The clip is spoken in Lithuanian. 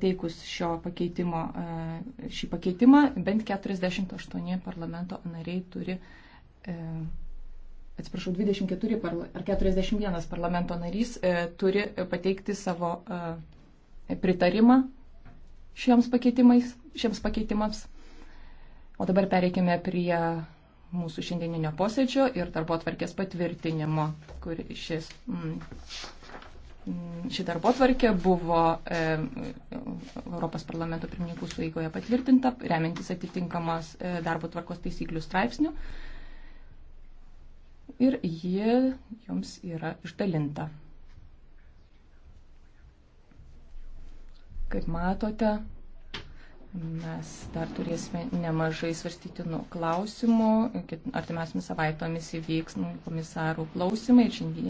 teikus šio pakeitimo, e, šį pakeitimą bent 48 parlamento nariai turi, e, atsiprašau, 24 ar 41 parlamento narys e, turi pateikti savo pritarimą šiems, šiems pakeitimams. O dabar pereikime prie mūsų šiandieninio posėdžio ir darbo atvarkės patvirtinimo, kur šis. Mm, Mm, ši darbo tvarkė buvo e, Europos parlamento pirmininkų sueigoje patvirtinta, remiantis atitinkamas e, darbo tvarkos taisyklių straipsnių. Ir ji jums yra išdalinta. Kaip matote, mes dar turėsime nemažai svarstytinų klausimų. Artimiausiamis savaitomis įvyks komisarų klausimai ir šiandien.